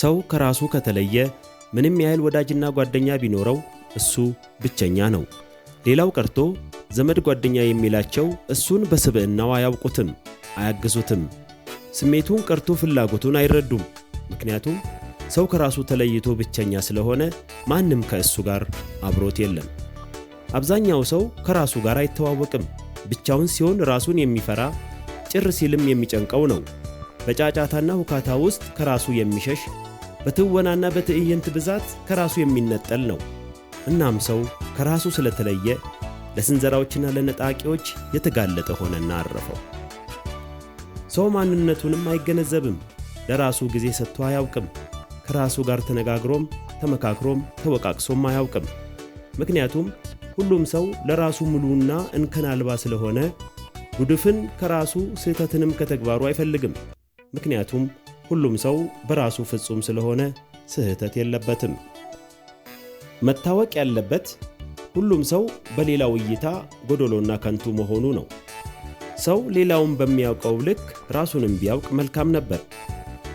ሰው ከራሱ ከተለየ ምንም ያህል ወዳጅና ጓደኛ ቢኖረው እሱ ብቸኛ ነው። ሌላው ቀርቶ ዘመድ ጓደኛ የሚላቸው እሱን በስብዕናው አያውቁትም፣ አያግዙትም፣ ስሜቱን ቀርቶ ፍላጎቱን አይረዱም። ምክንያቱም ሰው ከራሱ ተለይቶ ብቸኛ ስለሆነ ማንም ከእሱ ጋር አብሮት የለም። አብዛኛው ሰው ከራሱ ጋር አይተዋወቅም። ብቻውን ሲሆን ራሱን የሚፈራ ጭር ሲልም የሚጨንቀው ነው። በጫጫታና ሁካታ ውስጥ ከራሱ የሚሸሽ በትወናና በትዕይንት ብዛት ከራሱ የሚነጠል ነው። እናም ሰው ከራሱ ስለተለየ ለስንዘራዎችና ለነጣቂዎች የተጋለጠ ሆነና አረፈው። ሰው ማንነቱንም አይገነዘብም። ለራሱ ጊዜ ሰጥቶ አያውቅም። ከራሱ ጋር ተነጋግሮም ተመካክሮም ተወቃቅሶም አያውቅም። ምክንያቱም ሁሉም ሰው ለራሱ ሙሉና እንከን አልባ ስለሆነ ጉድፍን ከራሱ ስህተትንም ከተግባሩ አይፈልግም። ምክንያቱም ሁሉም ሰው በራሱ ፍጹም ስለሆነ ስህተት የለበትም። መታወቅ ያለበት ሁሉም ሰው በሌላው እይታ ጎዶሎና ከንቱ መሆኑ ነው። ሰው ሌላውን በሚያውቀው ልክ ራሱንም ቢያውቅ መልካም ነበር።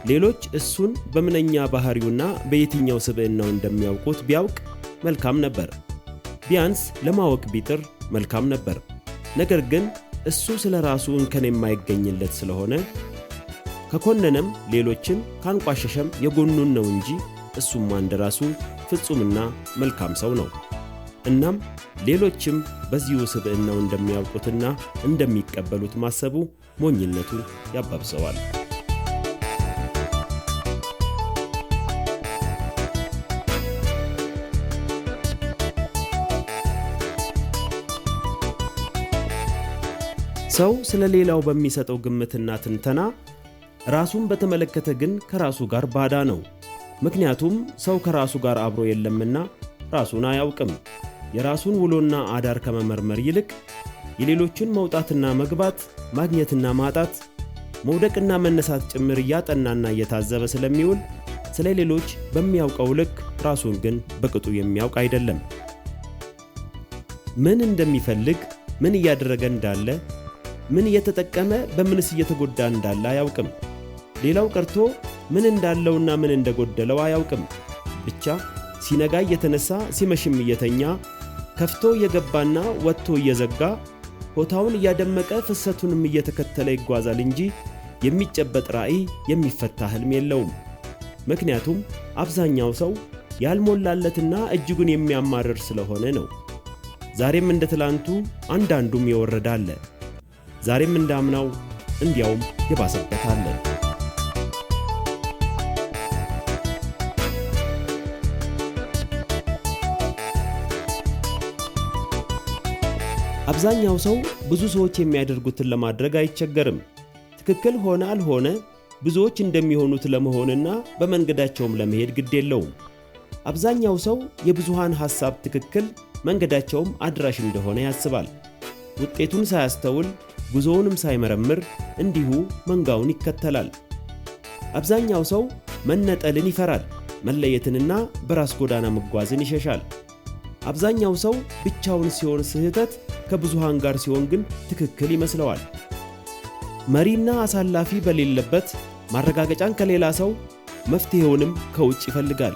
ሌሎች እሱን በምንኛ ባህሪውና በየትኛው ስብዕናው እንደሚያውቁት ቢያውቅ መልካም ነበር። ቢያንስ ለማወቅ ቢጥር መልካም ነበር። ነገር ግን እሱ ስለ ራሱ እንከን የማይገኝለት ስለሆነ ከኮነነም ሌሎችን ካንቋሸሸም የጎኑን ነው እንጂ እሱማ እንደራሱ ፍጹምና መልካም ሰው ነው። እናም ሌሎችም በዚሁ ስብዕናው እንደሚያውቁትና እንደሚቀበሉት ማሰቡ ሞኝነቱ ያባብሰዋል። ሰው ስለ ሌላው በሚሰጠው ግምትና ትንተና ራሱን በተመለከተ ግን ከራሱ ጋር ባዳ ነው። ምክንያቱም ሰው ከራሱ ጋር አብሮ የለምና ራሱን አያውቅም። የራሱን ውሎና አዳር ከመመርመር ይልቅ የሌሎችን መውጣትና መግባት፣ ማግኘትና ማጣት፣ መውደቅና መነሳት ጭምር እያጠናና እየታዘበ ስለሚውል ስለ ሌሎች በሚያውቀው ልክ ራሱን ግን በቅጡ የሚያውቅ አይደለም። ምን እንደሚፈልግ፣ ምን እያደረገ እንዳለ፣ ምን እየተጠቀመ፣ በምንስ እየተጎዳ እንዳለ አያውቅም። ሌላው ቀርቶ ምን እንዳለውና ምን እንደጎደለው አያውቅም። ብቻ ሲነጋ እየተነሳ ሲመሽም እየተኛ ከፍቶ እየገባና ወጥቶ እየዘጋ ሆታውን እያደመቀ ፍሰቱንም እየተከተለ ይጓዛል እንጂ የሚጨበጥ ራዕይ፣ የሚፈታ ህልም የለውም። ምክንያቱም አብዛኛው ሰው ያልሞላለትና እጅጉን የሚያማርር ስለሆነ ነው። ዛሬም እንደ ትላንቱ አንዳንዱም የወረዳለ ዛሬም እንዳምናው እንዲያውም የባሰበት አለን። አብዛኛው ሰው ብዙ ሰዎች የሚያደርጉትን ለማድረግ አይቸገርም። ትክክል ሆነ አልሆነ ብዙዎች እንደሚሆኑት ለመሆንና በመንገዳቸውም ለመሄድ ግድ የለውም። አብዛኛው ሰው የብዙሃን ሐሳብ ትክክል፣ መንገዳቸውም አድራሽ እንደሆነ ያስባል። ውጤቱን ሳያስተውል ጉዞውንም ሳይመረምር እንዲሁ መንጋውን ይከተላል። አብዛኛው ሰው መነጠልን ይፈራል፣ መለየትንና በራስ ጎዳና መጓዝን ይሸሻል። አብዛኛው ሰው ብቻውን ሲሆን ስህተት ከብዙሃን ጋር ሲሆን ግን ትክክል ይመስለዋል። መሪና አሳላፊ በሌለበት ማረጋገጫን ከሌላ ሰው መፍትሄውንም ከውጭ ይፈልጋል።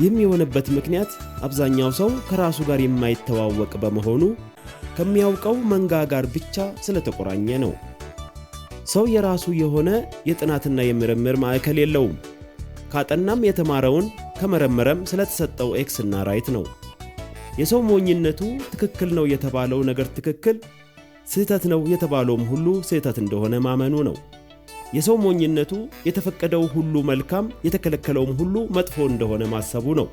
ይህም የሆነበት ምክንያት አብዛኛው ሰው ከራሱ ጋር የማይተዋወቅ በመሆኑ ከሚያውቀው መንጋ ጋር ብቻ ስለተቆራኘ ነው። ሰው የራሱ የሆነ የጥናትና የምርምር ማዕከል የለውም። ካጠናም የተማረውን ከመረመረም ስለተሰጠው ኤክስና ራይት ነው። የሰው ሞኝነቱ ትክክል ነው የተባለው ነገር ትክክል፣ ስህተት ነው የተባለውም ሁሉ ስህተት እንደሆነ ማመኑ ነው። የሰው ሞኝነቱ የተፈቀደው ሁሉ መልካም፣ የተከለከለውም ሁሉ መጥፎ እንደሆነ ማሰቡ ነው።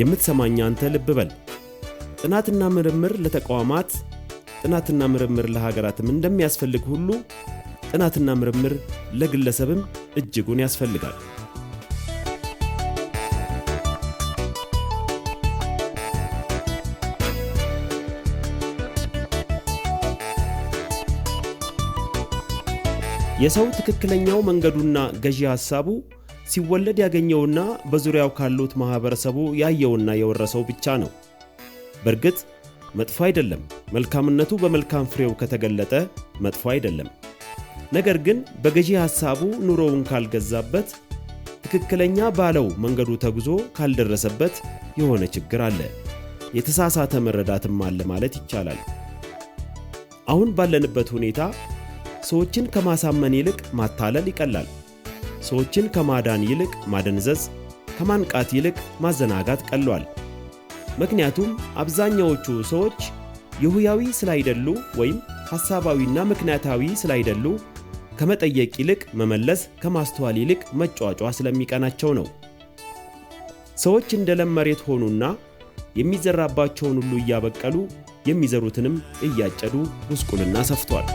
የምትሰማኝ አንተ ልብ በል። ጥናትና ምርምር ለተቋማት ጥናትና ምርምር ለሀገራትም እንደሚያስፈልግ ሁሉ ጥናትና ምርምር ለግለሰብም እጅጉን ያስፈልጋል። የሰው ትክክለኛው መንገዱና ገዢ ሐሳቡ ሲወለድ ያገኘውና በዙሪያው ካሉት ማኅበረሰቡ ያየውና የወረሰው ብቻ ነው። በእርግጥ መጥፎ አይደለም፣ መልካምነቱ በመልካም ፍሬው ከተገለጠ መጥፎ አይደለም። ነገር ግን በገዢ ሐሳቡ ኑሮውን ካልገዛበት፣ ትክክለኛ ባለው መንገዱ ተጉዞ ካልደረሰበት የሆነ ችግር አለ። የተሳሳተ መረዳትም አለ ማለት ይቻላል። አሁን ባለንበት ሁኔታ ሰዎችን ከማሳመን ይልቅ ማታለል ይቀላል። ሰዎችን ከማዳን ይልቅ ማደንዘዝ፣ ከማንቃት ይልቅ ማዘናጋት ቀሏል። ምክንያቱም አብዛኛዎቹ ሰዎች ይሁያዊ ስላይደሉ ወይም ሐሳባዊና ምክንያታዊ ስላይደሉ ከመጠየቅ ይልቅ መመለስ፣ ከማስተዋል ይልቅ መጫዋጫ ስለሚቀናቸው ነው። ሰዎች እንደ ለም መሬት ሆኑና የሚዘራባቸውን ሁሉ እያበቀሉ የሚዘሩትንም እያጨዱ ጉስቁልና ሰፍቷል።